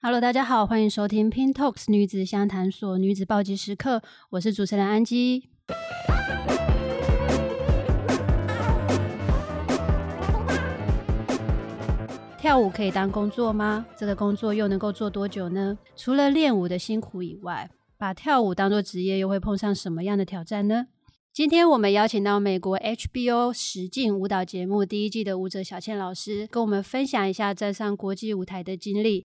Hello，大家好，歡迎收聽《Pin Talks 女子相談所》女子暴擊時刻，我是主持人安吉、哎。跳舞可以當工作嗎？這個工作又能夠做多久呢？除了練舞的辛苦以外，把跳舞當做職業又會碰上什麼樣的挑戰呢？今天我們邀請到美國 HBO 實境舞蹈節目第一季的舞者小倩老師，跟我們分享一下站上國際舞台的經歷。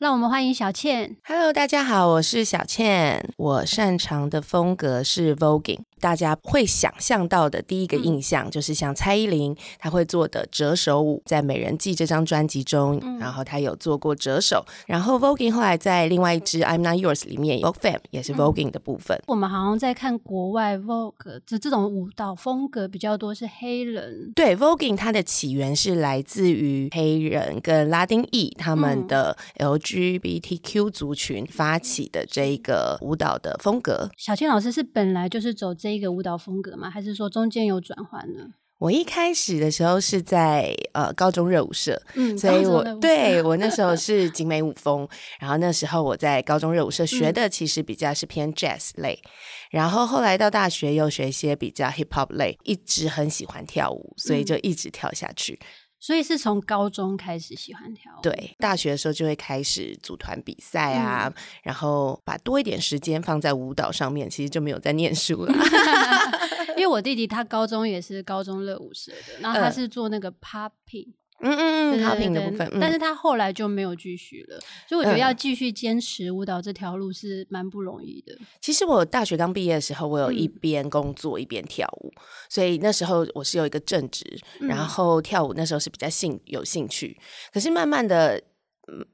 讓我們歡迎小倩。Hello，大家好，我是小倩，我擅長的風格是 voguing。大家會想象到的第一個印象、嗯、就是像蔡依林，她會做的折手舞，在《美人計》這張專輯中，嗯、然後她有做過折手，然後 voguing 後來在另外一支 I'm Not Yours 裡面、嗯、Vogue Fem 也是 voguing、嗯、的部分。我們好像在看國外 vogue 就這,這種舞蹈風格比較多是黑人。對 voguing 它的起源是來自於黑人跟拉丁裔他們的 LGBTQ 族群發起的這一個舞蹈的風格。嗯、小倩老師是本來就是走這。一個舞蹈風格嗎？還是說中間有轉換呢？我一開始的時候是在呃高中熱舞社，嗯，所以我對我那時候是景美舞風， 然後那時候我在高中熱舞社學的其實比較是偏 jazz 類，嗯，然後後來到大學又學一些比較 hip hop 類，一直很喜歡跳舞，所以就一直跳下去。嗯所以是從高中開始喜歡跳舞，對，大學的時候就會開始組團比賽啊，嗯、然後把多一點時間放在舞蹈上面，其實就沒有再念書了。 因為我弟弟他高中也是高中樂舞社的，然後他是做那個 popping。嗯嗯嗯嗯，好評的部分對對對，嗯，但是他後來就沒有繼續了，所以我覺得要繼續堅持舞蹈這條路是蠻不容易的，嗯。其實我大學剛畢業的時候，我有一邊工作一邊跳舞，嗯，所以那時候我是有一個正職，然後跳舞那時候是比較興有興趣，嗯。可是慢慢的，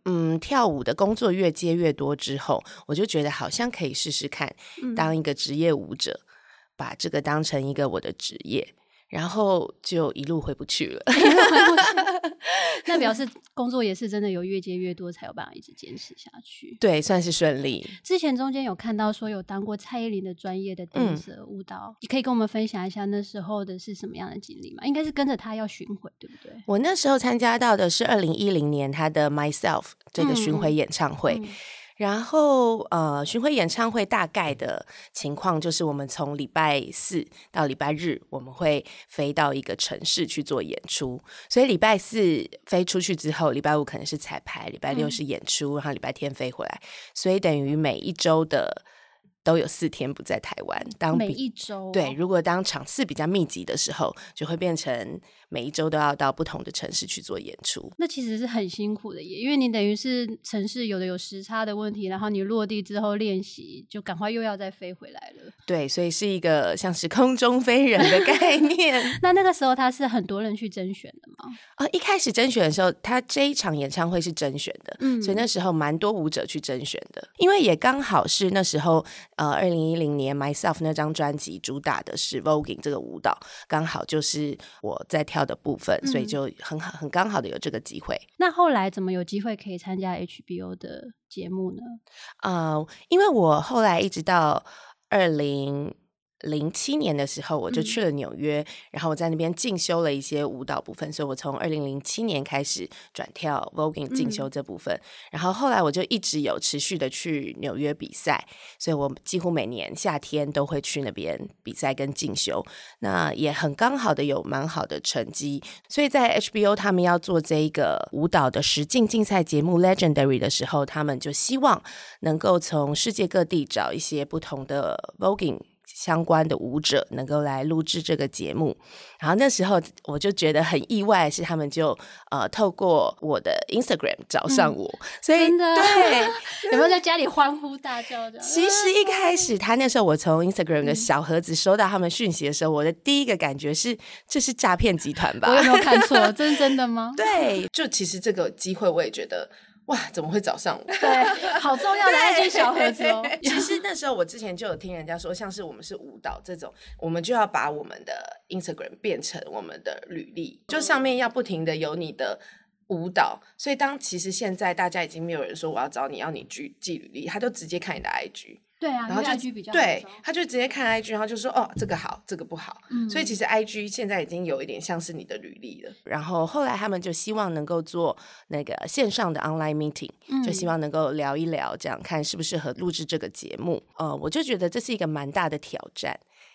嗯，跳舞的工作越接越多之後，我就覺得好像可以試試看當一個職業舞者，嗯，把這個當成一個我的職業。然後就一路， 一路回不去了。那表示工作也是真的有越接越多，才有辦法一直堅持下去。對，算是順利。之前中間有看到說有當過蔡依林的專業的電子舞蹈，你、嗯、可以跟我們分享一下那時候的是什麼樣的經歷嗎？應該是跟着她要巡迴，對不對？我那時候參加到的是二零一零年她的 Myself 這個巡迴演唱會。嗯嗯然後，呃，巡迴演唱會大概的情況就是，我們從禮拜四到禮拜日，我們會飛到一個城市去做演出。所以禮拜四飛出去之後，禮拜五可能是彩排，禮拜六是演出，嗯、然後禮拜天飛回來。所以等於每一週的。都有四天不在台灣，當每一週、哦、對，如果當場次比較密集的時候，就會變成每一週都要到不同的城市去做演出。那其實是很辛苦的，耶，因為你等於是城市有的有時差的問題，然後你落地之後練習，就趕快又要再飛回來了。對，所以是一個像是空中飛人的概念。 那那個時候他是很多人去甄選的嗎？啊、哦，一開始甄選的時候，他這一場演唱會是甄選的，嗯，所以那時候蠻多舞者去甄選的，因為也剛好是那時候。呃、uh，二零一零年 Myself 那張專輯主打的是 Voguing 這個舞蹈，剛好就是我在跳的部分，嗯、所以就很好很剛好的有這個機會。那後來怎麼有機會可以參加 HBO 的節目呢？啊、uh，因為我後來一直到二零。零七年的時候，我就去了紐約，嗯，然後我在那邊進修了一些舞蹈部分，所以我從二零零七年開始轉跳 Voguing 進修這部分，嗯。然後後來我就一直有持續地去紐約比賽，所以我幾乎每年夏天都會去那邊比賽跟進修。那也很剛好的有蠻好的成績，所以在 HBO 他們要做這一個舞蹈的實境競賽節目 Legendary 的時候，他們就希望能夠從世界各地找一些不同的 Voguing。相關的舞者能夠來錄製這個節目，然後那時候我就覺得很意外，是他們就呃透過我的 Instagram 找上我，嗯、所以對，有沒有在家裡歡呼大叫的？其實一開始他那時候我從 Instagram 的小盒子收到他們訊息的時候，嗯，我的第一個感覺是，這是詐騙集團吧？我有沒有看錯？真的真的嗎？對，就其實這個機會我也覺得。哇，怎麼會找上我？ 對，好重要的 IG 小盒子哦。其實那時候我之前就有聽人家說，像是我們是舞蹈這種，我們就要把我們的 Instagram 變成我們的履歷，就上面要不停的有你的舞蹈。所以當其實現在大家已經沒有人說我要找你要你去寄履歷，他就直接看你的 IG。對啊，然後就 IG 比較好。對，他就直接看 IG，然後就說哦，這個好，這個不好、嗯。所以其實 IG 現在已經有一點像是你的履歷了。然後後來他們就希望能夠做那個線上的 online meeting、嗯、就希望能夠聊一聊，這樣看適不適合錄製這個節目。哦、呃，我就覺得這是一個蠻大的挑戰，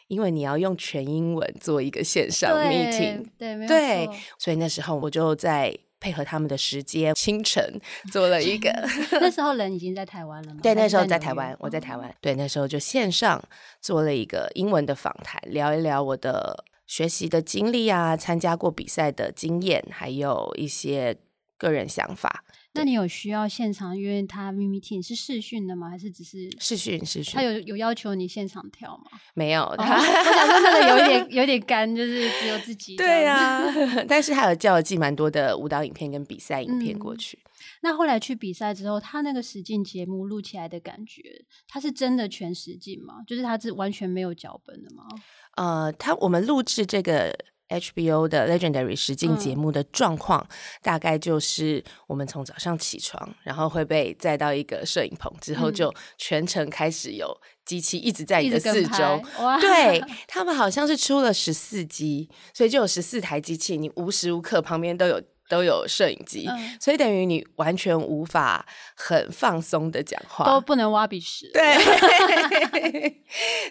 因為你要用全英文做一個線上 meeting，對，對，對，對，所以那時候我就在。配合他們的時間，清晨做了一個。 那時候人已經在台灣了嗎？對，那時候在台灣，在我在台灣、哦。對，那時候就線上做了一個英文的訪談，聊一聊我的學習的經歷啊，參加過比賽的經驗，還有一些個人想法。那你有需要現場？因為他 meeting 你是視訊的嗎？還是只是視訊？視訊。他有有要求你現場跳嗎？沒有，哦、他他講的那個有點 有點乾，就是只有自己。對啊，但是他有叫我寄蠻多的舞蹈影片跟比賽影片過去，嗯。那後來去比賽之後，他那個實境節目錄起來的感覺，他是真的全實境嗎？就是他是完全沒有腳本的嗎？呃，他我們錄製這個。HBO 的 Legendary 實境節目的狀況，大概就是我們從早上起床，然後會被載到一個攝影棚，之後就全程開始有機器一直在你的四周。對，他們好像是出了十四機，所以就有十四台機器，你無時無刻旁邊都有都有攝影機，所以等於你完全無法很放鬆的講話，都不能挖鼻屎。對，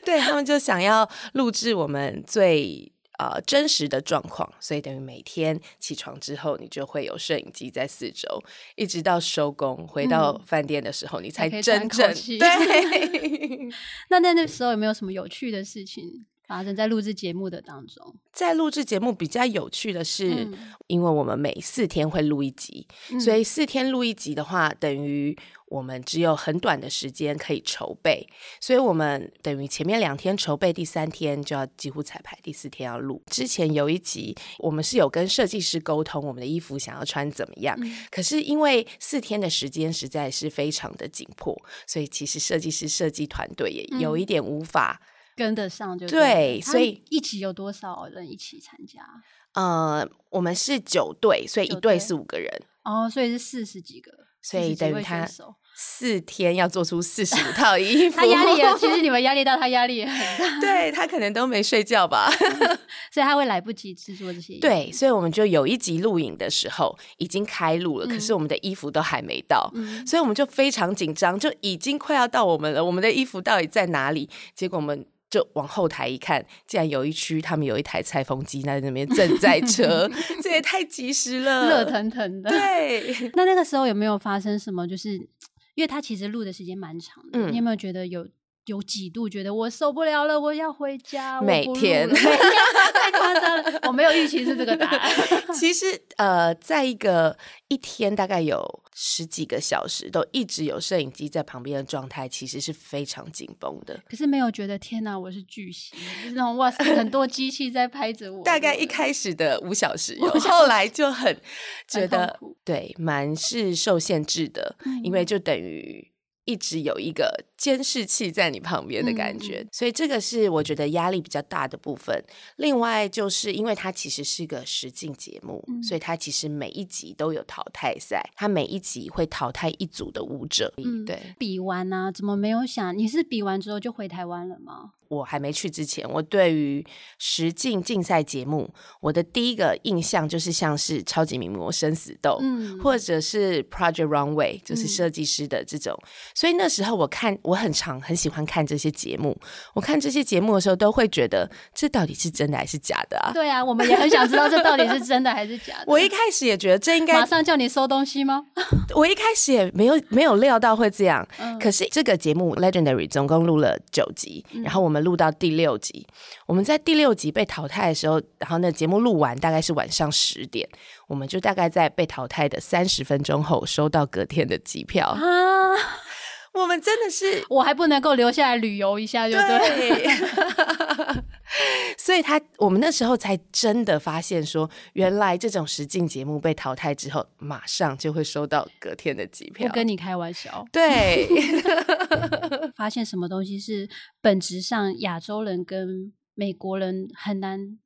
對他們就想要錄製我們最。啊、呃，真實的狀況，所以等於每天起床之後，你就會有攝影機在四周，一直到收工回到飯店的時候，你才真正、嗯、對。 那那那時候有沒有什麼有趣的事情？發生在錄製節目的當中，在錄製節目比較有趣的是，嗯、因為我們每四天會錄一集、嗯，所以四天錄一集的話，等於我們只有很短的時間可以籌備。所以，我們等於前面兩天籌備，第三天就要幾乎彩排，第四天要錄。之前有一集，我們是有跟設計師溝通，我們的衣服想要穿怎麼樣、嗯。可是因為四天的時間實在是非常的緊迫，所以其實設計師設計團隊也有一點無法、嗯。跟得上就對，對，所以一集有多少人一起參加？呃，我們是九隊，所以一隊是五個人哦，所以是四十幾個。所以等於他四天要做出四十五套衣服，壓 力也其實你們壓力大，他壓力也很大。 對他可能都沒睡覺吧， 所以他會來不及制作這些衣服。對，所以我們就有一集錄影的時候已經開錄了，可是我們的衣服都還沒到，嗯、所以我們就非常緊張，就已經快要到我們了。我們的衣服到底在哪裡？結果我們。就往後台一看，竟然有一區他們有一台裁風機在那邊正在車，這 也太及時了，熱騰騰的。對，那那個時候有沒有發生什麼？就是，因為他其實錄的時間蠻長的，你有沒有覺得有？嗯有幾度覺得我受不了了，我要回家。每天，每天 太誇張了。我沒有預期是這個答案。 其實，呃，在一個一天大概有十幾個小時都一直有攝影機在旁邊的狀態，其實是非常緊繃的。可是沒有覺得天哪，我是巨星、就是、那種哇塞，很多機器在拍着我。 大概一開始的五小，小時，後來就很覺得對，蠻是受限制的，嗯、因為就等於一直有一個。監視器在你旁邊的感覺、嗯，所以這個是我覺得壓力比較大的部分。另外，就是因為它其實是個實境節目、嗯，所以它其實每一集都有淘汰賽，它每一集會淘汰一組的舞者。嗯，對。比完呢、啊？怎麼沒有想？你是比完之後就回台灣了嗎？我還沒去之前，我對於實境競賽節目，我的第一個印象就是像是《超級名模生死鬥》，嗯，或者是《Project Runway》，就是設計師的這種、嗯。所以那時候我看。我很常很喜歡看這些節目，我看這些節目的時候都會覺得這到底是真的還是假的啊？對啊，我們也很想知道這到底是真的還是假的。 我一開始也覺得這應該馬上叫你收東西嗎？ 我一開始也沒有沒有料到會這樣。嗯、可是這個節目 Legendary 總共錄了九集，然後我們錄到第六集、嗯，我們在第六集被淘汰的時候，然後那節目錄完大概是晚上十點，我們就大概在被淘汰的三十分鐘後收到隔天的機票、啊我們真的是，我還不能夠留下來旅遊一下，就對。 所以，他我們那時候才真的發現，說原來這種實境節目被淘汰之後，馬上就會收到隔天的機票。不跟你開玩笑。對 發現什麼東西是本質上亞洲人跟美國人很難。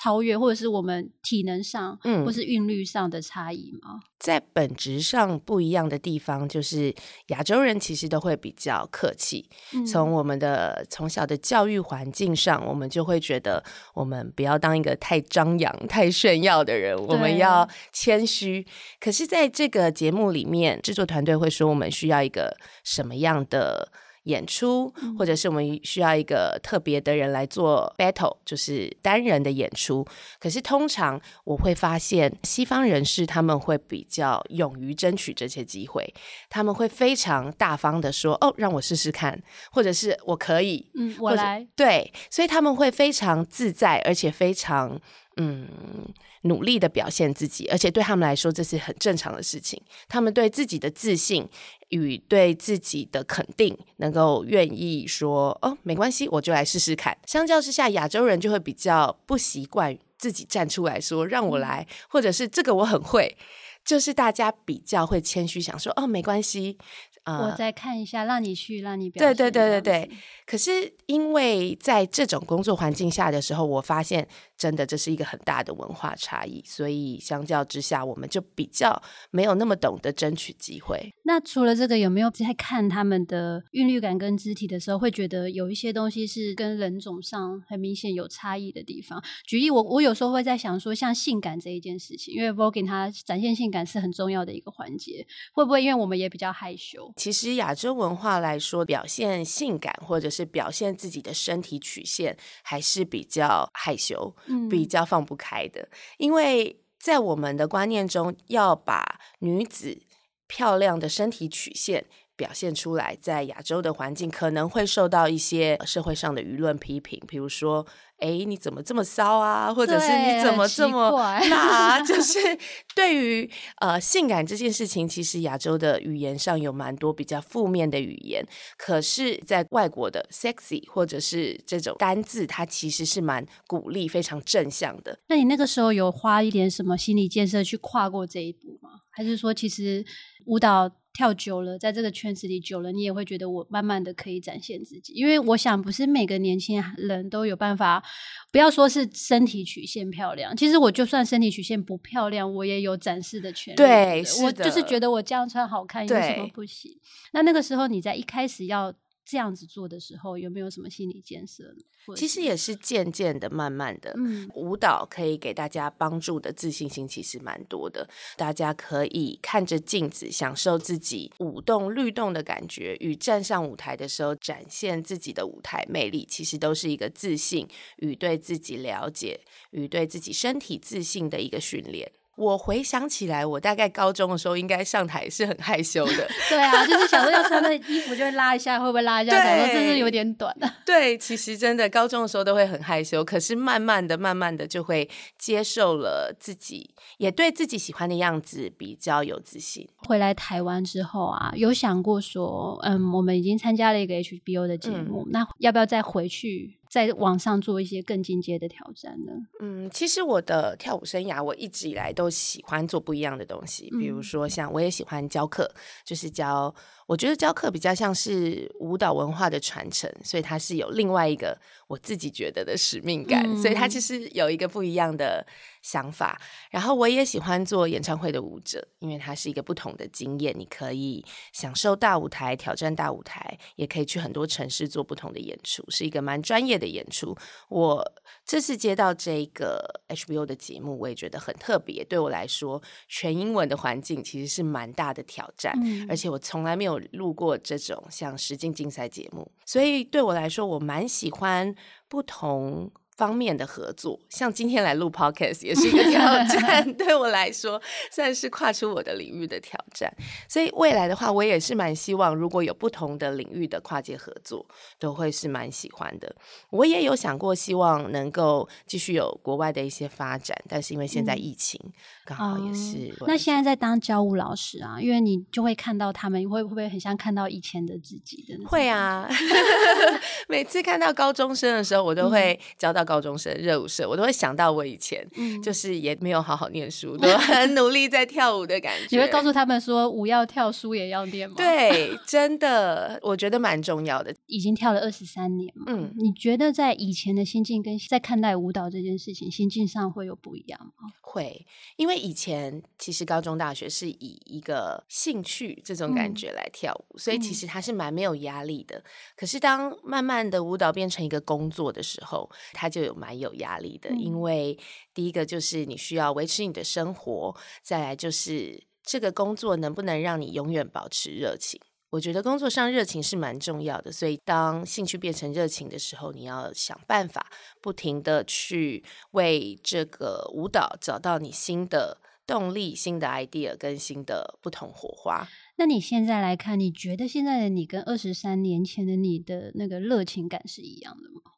超越或者是我們體能上，嗯，或是韻律上的差異嗎？在本質上不一樣的地方，就是亞洲人其實都會比較客氣。從、嗯、我們的從小的教育環境上，我們就會覺得我們不要當一個太張揚、太炫耀的人，我們要謙虛。可是，在這個節目裡面，製作團隊會說我們需要一個什麼樣的？演出，或者是我們需要一個特別的人來做 battle，就是單人的演出。可是通常我會發現，西方人士他們會比較勇於爭取這些機會，他們會非常大方的說：“哦，讓我試試看，或者是我可以，嗯，我來。”對，所以他們會非常自在，而且非常。嗯，努力的表現自己，而且對他們來說這是很正常的事情。他們對自己的自信與對自己的肯定，能夠願意說：“哦，沒關係，我就來試試看。”相較之下，亞洲人就會比較不習慣自己站出來說：“讓我來，嗯、或者是這個我很會。”就是大家比較會謙虛，想說：“哦，沒關係。呃”啊，我再看一下，讓你去，讓你表現。對對對對對。可是因為在這種工作環境下的時候，我發現。真的，這是一個很大的文化差異，所以相較之下，我們就比較沒有那麼懂得爭取機會。那除了這個，有沒有在看他們的韻律感跟肢體的時候，會覺得有一些東西是跟人種上很明顯有差異的地方？舉例，我我有時候會在想說，像性感這一件事情，因為 vogueing 它展現性感是很重要的一個環節，會不會因為我們也比較害羞？其實亞洲文化來說，表現性感或者是表現自己的身體曲線還是比較害羞。嗯，比較放不開的，因為在我們的觀念中，要把女子漂亮的身體曲線表現出來，在亞洲的環境可能會受到一些社會上的輿論批評，比如說。哎，你怎麼這麼騷啊？或者是你怎麼這麼……那 就是對於呃性感這件事情，其實亞洲的語言上有蠻多比較負面的語言，可是，在外國的 “sexy” 或者是這種單字，它其實是蠻鼓勵、非常正向的。那你那個時候有花一點什麼心理建設去跨過這一步嗎？還是說，其實舞蹈？跳久了，在這個圈子裡久了，你也會覺得我慢慢的可以展現自己。因為我想，不是每個年輕人都有辦法，不要說是身體曲線漂亮。其實我就算身體曲線不漂亮，我也有展示的權利。對，對，對，我就是覺得我這樣穿好看，有什麼不行？那那個時候你在一開始要。這樣子做的時候，有沒有什麼心理建設呢？其實也是漸漸的、慢慢的。嗯，舞蹈可以給大家幫助的自信心其實蠻多的。大家可以看着鏡子，享受自己舞動、律動的感覺；與站上舞台的時候，展現自己的舞台魅力，其實都是一個自信與對自己了解、與對自己身體自信的一個訓練。我回想起來，我大概高中的時候應該上台是很害羞的。 對啊，就是想說要穿的衣服，就會拉一下， 會不會拉一下？想說是不是有點短了啊？對，其實真的高中的時候都會很害羞，可是慢慢的、慢慢的就會接受了自己，也對自己喜歡的樣子比較有自信。回來台灣之後啊，有想過說，嗯，我們已經參加了一個 HBO 的節目，嗯，那要不要再回去？在網上做一些更進階的挑戰呢？嗯，其實我的跳舞生涯，我一直以來都喜歡做不一樣的東西，嗯，比如說像我也喜歡教課，就是教。我覺得教課比較像是舞蹈文化的傳承，所以它是有另外一個我自己覺得的使命感，嗯、所以它其實有一個不一樣的想法。然後我也喜歡做演唱會的舞者，因為它是一個不同的經驗，你可以享受大舞台，挑戰大舞台，也可以去很多城市做不同的演出，是一個蠻專業的演出。我這次接到這個 HBO 的節目，我也覺得很特別。對我來說，全英文的環境其實是蠻大的挑戰，嗯、而且我從來沒有。錄過這種像實境競賽節目，所以對我來說，我蠻喜歡不同。方面的合作，像今天來錄 Podcast 也是一個挑戰， 對我來說算是跨出我的領域的挑戰。所以未來的話，我也是蠻希望，如果有不同的領域的跨界合作，都會是蠻喜歡的。我也有想過，希望能夠繼續有國外的一些發展，但是因為現在疫情，嗯、剛好也是，嗯，那現在在當教舞老師啊，因為你就會看到他們，會不會很像看到以前的自己的？會啊， 每次看到高中生的時候，我都會教到，嗯。高中生熱舞社，我都會想到我以前，嗯、就是也沒有好好念書，都很努力在跳舞的感覺。 你會告訴他們說，舞要跳，書也要念嗎？對，真的，我覺得蠻重要的。已經跳了二十三年了，嗯，你覺得在以前的心境跟在看待舞蹈這件事情，心境上會有不一樣嗎？會，因為以前其實高中大學是以一個興趣這種感覺來跳舞，嗯、所以其實他是蠻沒有壓力的、嗯。可是當慢慢的舞蹈變成一個工作的時候，他就就有蠻有壓力的，因為第一個就是你需要維持你的生活，再來就是這個工作能不能讓你永遠保持熱情？我覺得工作上熱情是蠻重要的，所以當興趣變成熱情的時候，你要想辦法不停的去為這個舞蹈找到你新的動力、新的 idea 跟新的不同火花。那你現在來看，你覺得現在的你跟二十三年前的你的那個熱情感是一樣的嗎？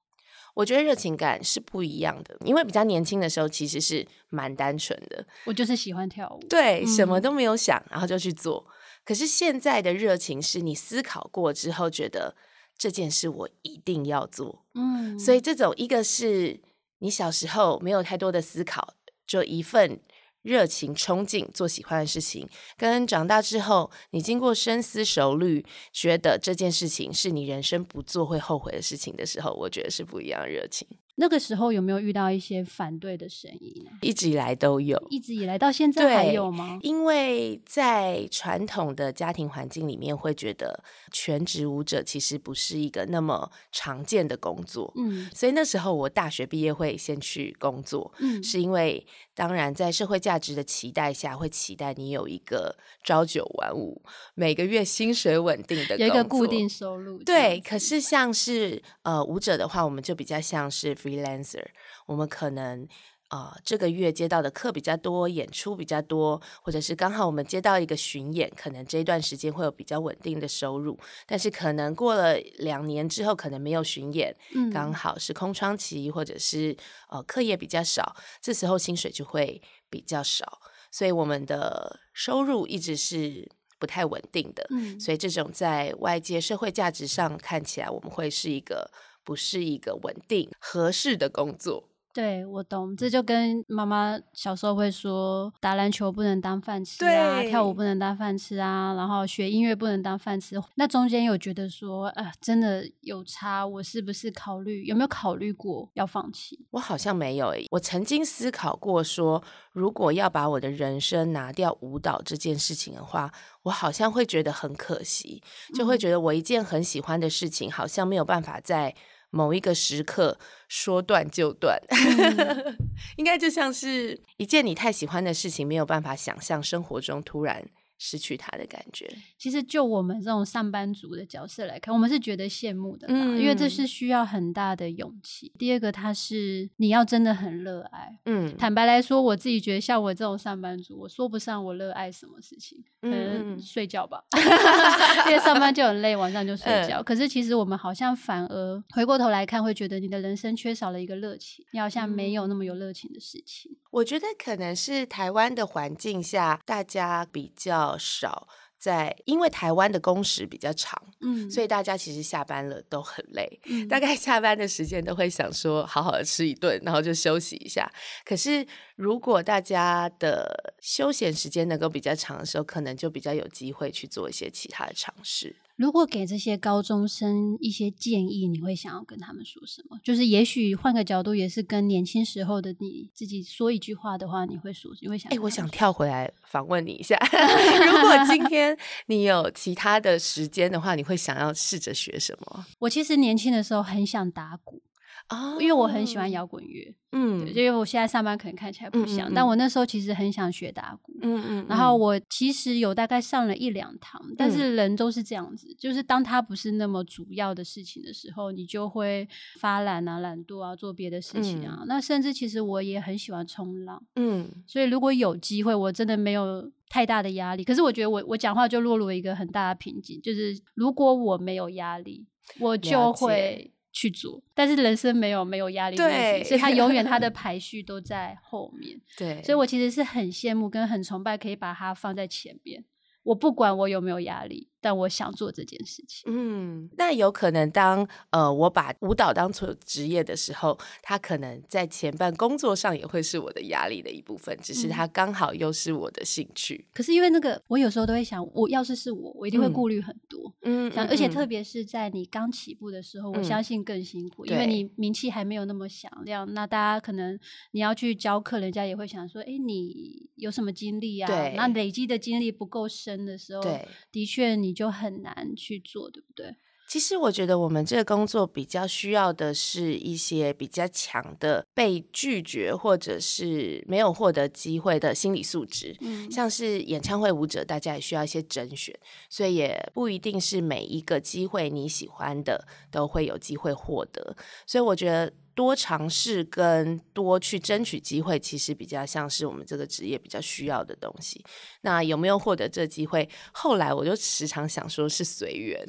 我覺得熱情感是不一樣的，因為比較年輕的時候其實是蠻單純的，我就是喜歡跳舞，對，什麼都沒有想，嗯，然後就去做。可是現在的熱情是你思考過之後，覺得這件事我一定要做，嗯，所以這種一個是你小時候沒有太多的思考，就一份。熱情、憧憬做喜歡的事情，跟長大之後你經過深思熟慮，覺得這件事情是你人生不做會後悔的事情的時候，我覺得是不一樣的熱情。那個時候有沒有遇到一些反對的聲音啊？一直以來都有，一直以來到現在還有嗎？因為在傳統的家庭環境裡面，會覺得全職舞者其實不是一個那麼常見的工作。嗯，所以那時候我大學畢業會先去工作，嗯，是因為當然在社會價值的期待下，會期待你有一個朝九晚五、每個月薪水穩定的工作，有一個固定收入。對，可是像是呃舞者的話，我們就比較像是。freelancer，我們可能啊、呃、這個月接到的課比較多，演出比較多，或者是剛好我們接到一個巡演，可能這一段時間會有比較穩定的收入。但是可能過了兩年之後，可能沒有巡演，嗯，剛好是空窗期，或者是呃課業比較少，這時候薪水就會比較少。所以我們的收入一直是不太穩定的。嗯，所以這種在外界社會價值上看起來，我們會是一個。不是一個穩定合適的工作，對，我懂，這就跟媽媽小時候會說，打籃球不能當飯吃，啊，對，跳舞不能當飯吃啊，然後學音樂不能當飯吃。那中間有覺得說，呃，真的有差，我是不是考慮有沒有考慮過要放棄？我好像沒有誒、欸，我曾經思考過說，如果要把我的人生拿掉舞蹈這件事情的話，我好像會覺得很可惜，就會覺得我一件很喜歡的事情，好像沒有辦法再。某一個時刻，說斷就斷，嗯、 應該就像是一件你太喜歡的事情，沒有辦法想象生活中突然失去他的感覺。其實就我們這種上班族的角色來看，我們是覺得羨慕的，嗯，因為這是需要很大的勇氣。嗯、第二個，他是你要真的很熱愛。嗯，坦白來說，我自己覺得像我這種上班族，我說不上我熱愛什麼事情，嗯，睡覺吧，嗯、 因為上班就很累，晚上就睡覺，嗯。可是其實我們好像反而回過頭來看，會覺得你的人生缺少了一個熱情，你好像沒有那麼有熱情的事情。我覺得可能是台灣的環境下，大家比較。少在，因為台灣的工時比較長，嗯，所以大家其實下班了都很累，嗯，大概下班的時間都會想說好好的吃一頓，然後就休息一下。可是如果大家的休閒時間能夠比較長的時候，可能就比較有機會去做一些其他的嘗試。如果給這些高中生一些建議，你會想要跟他們說什麼？就是也許換個角度，也是跟年輕時候的你自己說一句話的話，你會說，你會想，哎、欸，我想跳回來訪問你一下。 如果今天你有其他的時間的話，你會想要試着學什麼？ 我其實年輕的時候很想打鼓。啊、oh，因為我很喜歡搖滾樂，嗯，所以我現在上班可能看起來不像、嗯嗯嗯，但我那時候其實很想學打鼓，嗯嗯，然後我其實有大概上了一兩堂、嗯，但是人都是這樣子，就是當他不是那麼主要的事情的時候，你就會發懶啊、懶惰啊，做別的事情啊、嗯。那甚至其實我也很喜歡衝浪，嗯，所以如果有機會，我真的沒有太大的壓力。可是我覺得我我講話就落入一個很大的瓶頸，就是如果我沒有壓力，我就會。去做，但是人生沒有沒有壓力，所以他永遠 他的排序都在後面。對，所以我其實是很羨慕跟很崇拜，可以把它放在前面。我不管我有沒有壓力。但我想做這件事情。嗯，那有可能當呃我把舞蹈當做職業的時候，他可能在前半工作上也會是我的壓力的一部分。只是他剛好又是我的興趣。嗯，可是因為那個，我有時候都會想，我要是是我，我一定會顧慮很多。嗯，而且特別是在你剛起步的時候，嗯，我相信更辛苦，因為你名氣還沒有那麼響亮，那大家可能你要去教課，人家也會想說，哎，欸，你有什麼經歷啊？對。那累積的經歷不夠深的時候，對，的確你。你就很難去做，對不對？其實我覺得我們這個工作比較需要的是一些比較強的被拒絕或者是沒有獲得機會的心理素質。嗯，像是演唱會舞者，大家也需要一些甄選，所以也不一定是每一個機會你喜歡的都會有機會獲得。所以我覺得。多嘗試跟多去爭取機會，其實比較像是我們這個職業比較需要的東西。那有沒有獲得這機會？後來我就時常想說是，是隨緣，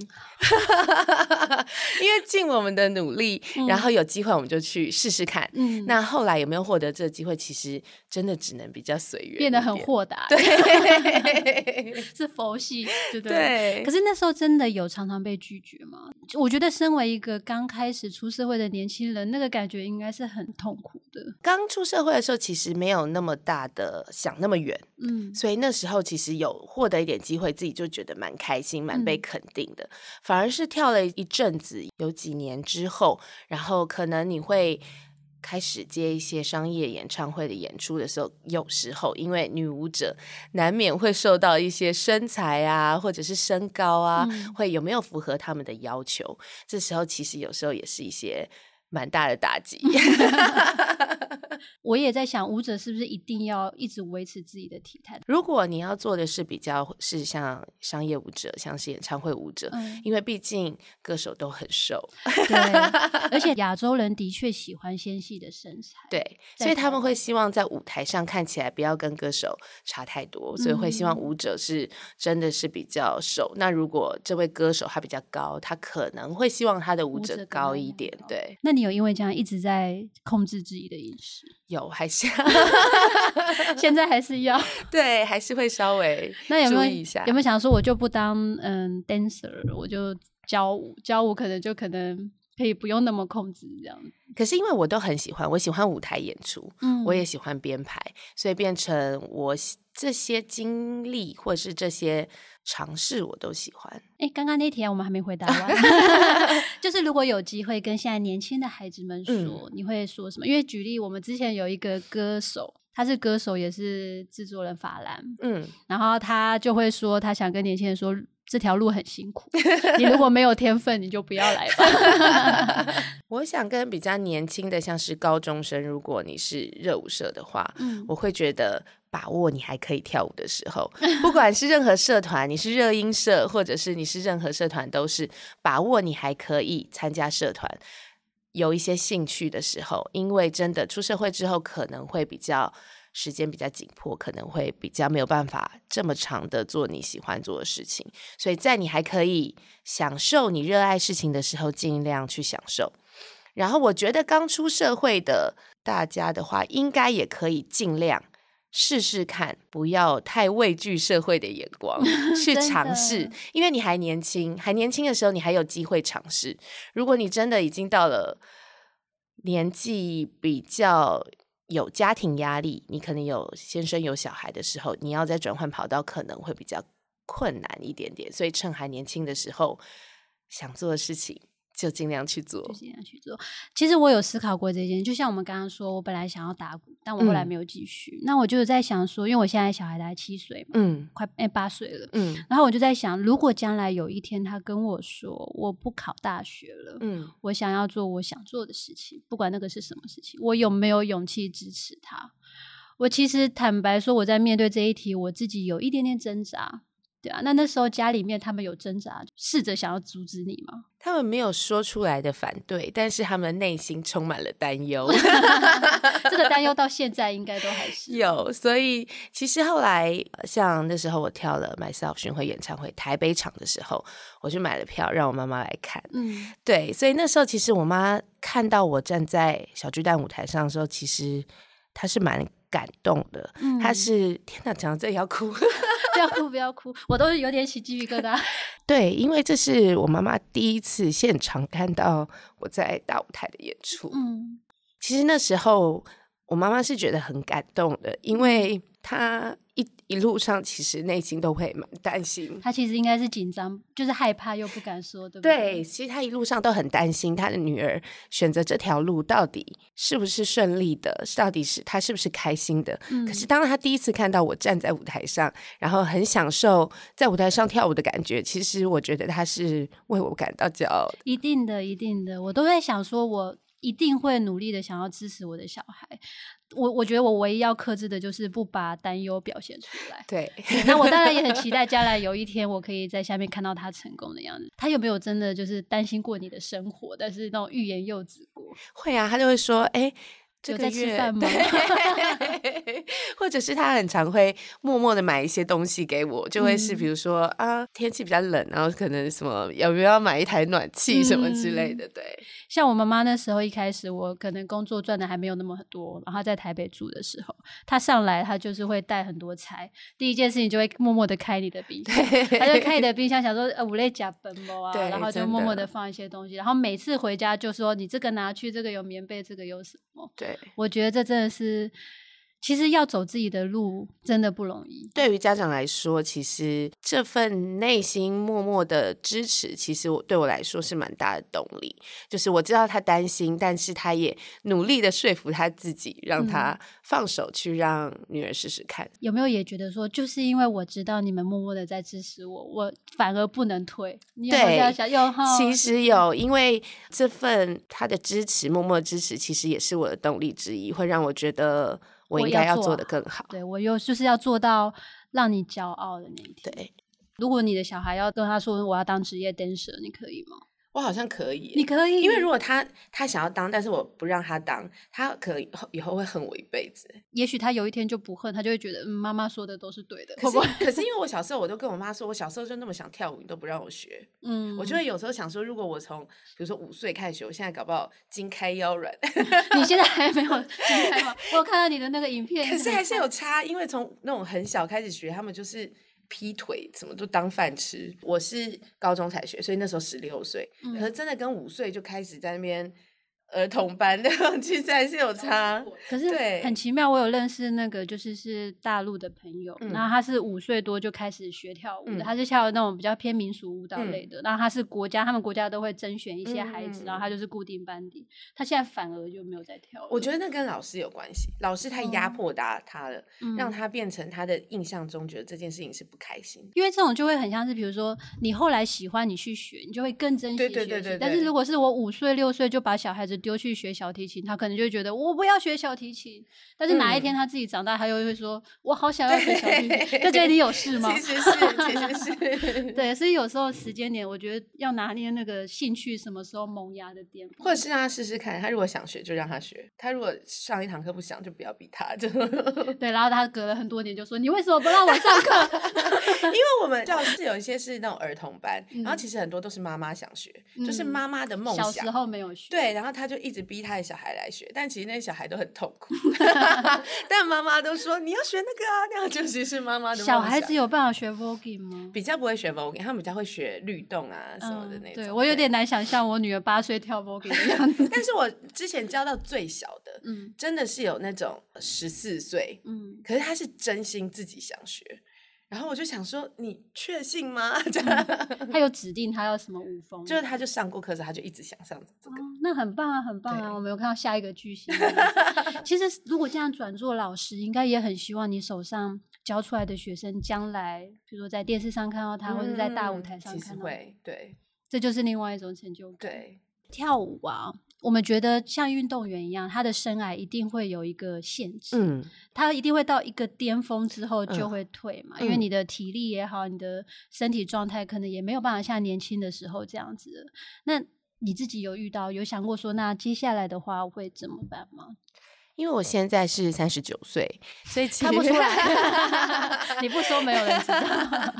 因為盡我們的努力，嗯、然後有機會我們就去試試看、嗯。那後來有沒有獲得這機會？其實真的只能比較隨緣，變得很豁達，對， 是佛系，對不對？對。可是那時候真的有常常被拒絕嗎？我覺得身為一個剛開始出社會的年輕人，那個。感覺應該是很痛苦的。剛出社會的時候，其實沒有那麼大的想那麼遠，嗯，所以那時候其實有獲得一點機會，自己就覺得蠻開心、蠻被肯定的，嗯。反而是跳了一陣子，有幾年之後，然後可能你會開始接一些商業演唱會的演出的時候，有時候因為女舞者難免會受到一些身材啊，或者是身高啊，嗯，會有沒有符合他們的要求。這時候其實有時候也是一些。蠻大的打擊 ， 我也在想舞者是不是一定要一直維持自己的體態？如果你要做的是比較是像商業舞者，像是演唱會舞者，嗯、因為畢竟歌手都很瘦，對 而且亞洲人的確喜歡纖細的身材，對，所以他們會希望在舞台上看起來不要跟歌手差太多，所以會希望舞者是真的是比較瘦。嗯、那如果這位歌手他比較高，他可能會希望他的舞者高一點，對，那你。有因為這樣一直在控制自己的飲食？有還是 現在還是要，對，還是會稍微注意一下，那有沒有有沒有想說我就不當嗯 dancer，我就教舞教舞，可能就可能。可以不用那麼控制這樣。可是因為我都很喜歡，我喜歡舞台演出，嗯，我也喜歡編排，所以變成我這些經歷或者是這些嘗試我都喜歡。哎，剛剛那天我們還沒回答完， 就是如果有機會跟現在年輕的孩子們說，嗯，你會說什麼？因為舉例，我們之前有一個歌手，他是歌手也是製作人法蘭，嗯，然後他就會說他想跟年輕人說。這條路很辛苦，你如果沒有天分，你就不要來吧。 我想跟比較年輕的，像是高中生，如果你是熱舞社的話，嗯，我會覺得把握你還可以跳舞的時候， 不管是任何社團，你是熱音社或者是你是任何社團，都是把握你還可以參加社團，有一些興趣的時候，因為真的出社會之後可能會比較。時間比較緊迫，可能會比較沒有辦法這麼長的做你喜歡做的事情。所以在你還可以享受你熱愛事情的時候，儘量去享受。然後我覺得剛出社會的大家的話，應該也可以儘量試試看，不要太畏懼社會的眼光 去嘗試，因為你還年輕，還年輕的時候你還有機會嘗試。如果你真的已經到了年紀比較，有家庭壓力，你可能有先生有小孩的時候，你要再轉換跑道可能會比較困難一點點，所以趁還年輕的時候，想做的事情，就盡量去做，盡量去做。其實我有思考過這件，就像我們剛剛說，我本來想要打鼓，但我後來沒有繼續，嗯。那我就是在想說，因為我現在小孩才七歲嘛，嗯，快哎，欸、八歲了，嗯。然後我就在想，如果將來有一天他跟我說，我不考大學了，嗯，我想要做我想做的事情，不管那個是什麼事情，我有沒有勇氣支持他？我其實坦白說，我在面對這一題，我自己有一點點掙扎。對啊，那那時候家裡面他們有掙扎，試着想要阻止你嗎？他們沒有說出來的反對，但是他們內心充滿了擔憂。 這個擔憂到現在應該都還是有。所以其實後來，像那時候我跳了 Myself 巡迴演唱會台北場的時候，我就買了票，讓我媽媽來看。嗯，對。所以那時候其實我媽看到我站在小巨蛋舞台上的時候，其實她是蠻。感動的，她、嗯、是天哪，講到這裡要哭， 不要哭，不要哭，我都有點起雞皮疙瘩。 對，因為這是我媽媽第一次現場看到我在大舞台的演出。嗯，其實那時候。我媽媽是覺得很感動的，因為她一一路上其實內心都會蠻擔心，她其實應該是緊張，就是害怕又不敢說，對不對？對，其實她一路上都很擔心她的女兒選擇這條路到底是不是順利的，到底是她是不是開心的。嗯、可是，當她第一次看到我站在舞台上，然後很享受在舞台上跳舞的感覺，其實我覺得她是為我感到驕傲的。一定的，一定的，我都在想說我。一定會努力的，想要支持我的小孩。我我覺得我唯一要克制的就是不把擔憂表現出來。對。對，那我當然也很期待將來有一天我可以在下面看到他成功的樣子。他有沒有真的就是擔心過你的生活？但是那種欲言又止過。會啊，他就會說，哎。這個在吃飯嗎？對， 或者是他很常會默默的買一些東西給我，就會是比如說、嗯、啊，天氣比較冷，然後可能什麼有沒有要買一台暖氣什麼之類的，嗯、對。像我媽媽那時候一開始，我可能工作賺的還沒有那麼多，然後在台北住的時候，她上來，她就是會帶很多菜，第一件事情就會默默的開你的冰箱，對，她就開你的冰箱，想說呃五類甲奔膜啊，然後就默默的放一些東西，然後每次回家就說你這個拿去，這個有棉被，這個有什麼？對。我覺得這真的是。其實要走自己的路真的不容易。對於家長來說，其實這份內心默默的支持，其實我對我來說是蠻大的動力。就是我知道他擔心，但是他也努力的說服他自己，讓他放手去讓女兒試試看、嗯。有沒有也覺得說，就是因為我知道你們默默的在支持我，我反而不能退你有沒有。對，其實有， 因為這份他的支持，默默的支持，其實也是我的動力之一，會讓我覺得。我應該要做得更好，我啊、對我又就是要做到讓你驕傲的那一天。對，如果你的小孩要跟他說我要當職業 dancer，你可以嗎？我好像可以，你可以，因為如果他他想要當，但是我不讓他當，他可能以後，以後會恨我一輩子。也許他有一天就不恨，他就會覺得、嗯、媽媽說的都是對的。可是，會不會？可是因為我小時候，我都跟我媽說，我小時候就那麼想跳舞，你都不讓我學。嗯，我就會有時候想說，如果我從比如說五歲開始學，我現在搞不好筋開腰軟。你現在還沒有筋開嗎？ 我看到你的那個影片，可是還是有差， 因為從那種很小開始學，他們就是。劈腿什麼都當飯吃，我是高中才學，所以那時候十六歲，可是真的跟五歲就開始在那邊。兒童班那 其實還是有差，嗯、對，可是很奇妙。我有認識那個，就是是大陸的朋友，那、嗯、他是五歲多就開始學跳舞的，嗯、他是跳的那種比較偏民俗舞蹈類的。那、嗯、他是國家，他們國家都會甄選一些孩子、嗯，然後他就是固定班底。嗯、他現在反而就沒有在跳舞。我覺得那跟老師有關係，老師太壓迫他了他了、嗯，讓他變成他的印象中覺得這件事情是不開心。因為這種就會很像是，比如說你後來喜歡你去學，你就會更珍惜學習。對對對對對。但是如果是我五歲六歲就把小孩子丟去學小提琴，他可能就會覺得我不要學小提琴。但是哪一天他自己長大，嗯、他又會說：“我好想要學小提琴。”你有事嗎？其實是其實是 對，所以有時候時間點，我覺得要拿捏那個興趣什麼時候萌芽的點。或者是讓他試試看，他如果想學就讓他學，他如果上一堂課不想就不要逼他。就 對，然後他隔了很多年就說：“你為什麼不讓我上課？” 因為我們教室有一些是那種兒童班，嗯、然後其實很多都是媽媽想學，嗯、就是媽媽的夢想。小時候沒有學。對，然後他就。就一直逼他的小孩來學，但其實那些小孩都很痛苦。 但媽媽都說你要學那個啊，那個其實是媽媽。小孩子有辦法學 Voguing 嗎？比較不會學 Voguing，他們比較會學律動啊、嗯、什麼的那種。對，我有點難想象我女兒八歲跳 Voguing 的樣子。 但是我之前教到最小的， 真的是有那種十四歲，可是他是真心自己想學。然後我就想說，你確信嗎、 嗯？他有指定他要什麼舞風？就是他就上過課時，子他就一直想上這個啊。那很棒啊，很棒啊！我沒有看到下一個巨星。 其實如果這樣轉做老師，應該也很希望你手上教出來的學生將來，比如說在電視上看到他，嗯、或者在大舞台上看到他。其實會對，這就是另外一種成就感。對，跳舞啊。我們覺得像運動員一樣，他的生涯一定會有一個限制，嗯，他一定會到一個巔峰之後就會退嘛，嗯，因為你的體力也好，你的身體狀態可能也沒有辦法像年輕的時候這樣子。那你自己有遇到有想過說，那接下來的話會怎麼辦嗎？因為我現在是三十九歲，所以猜不出來 你不說，沒有人知道。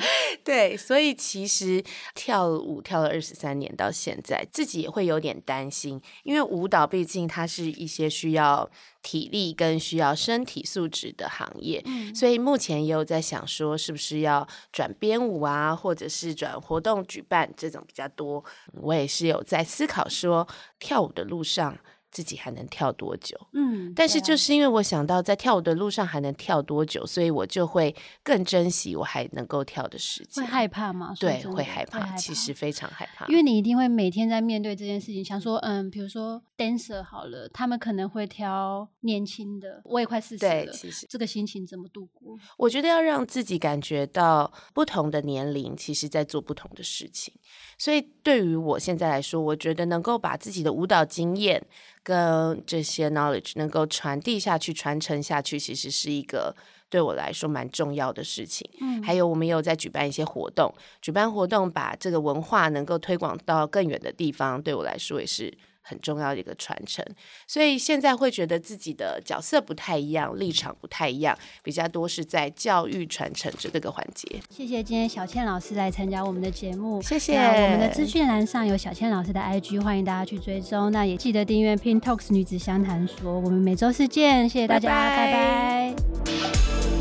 對，所以其實跳舞跳了二十三年，到現在自己也會有點擔心，因為舞蹈畢竟它是一些需要體力跟需要身體素質的行業。嗯，所以目前也有在想說，是不是要轉編舞啊，或者是轉活動舉辦這種比較多。我也是有在思考說，跳舞的路上。自己還能跳多久？嗯，但是就是因為我想到在跳舞的路上還能跳多久，啊、所以我就會更珍惜我還能夠跳的時間。會害怕嗎？對，會，會害怕，其實非常害怕。因為你一定會每天在面對這件事情，想說，嗯，比如說 dancer 好了，他們可能會挑年輕的，我也快四十了，其實這個心情怎麼度過？我覺得要讓自己感覺到不同的年齡，其實在做不同的事情。所以對於我現在來說，我覺得能夠把自己的舞蹈經驗跟這些 knowledge 能夠傳遞下去，傳承下去，其實是一個對我來說蠻重要的事情。嗯，還有我們也有在舉辦一些活動，舉辦活動把這個文化能夠推廣到更遠的地方，對我來說也是。很重要的一個傳承，所以現在會覺得自己的角色不太一樣，立場不太一樣，比較多是在教育傳承這個環節。謝謝今天小倩老師來參加我們的節目，謝謝。我們的資訊欄上有小倩老師的 IG，歡迎大家去追蹤。那也記得訂閱 Pin Talks 女子相談所，我們每周四見，謝謝大家，拜拜。拜拜。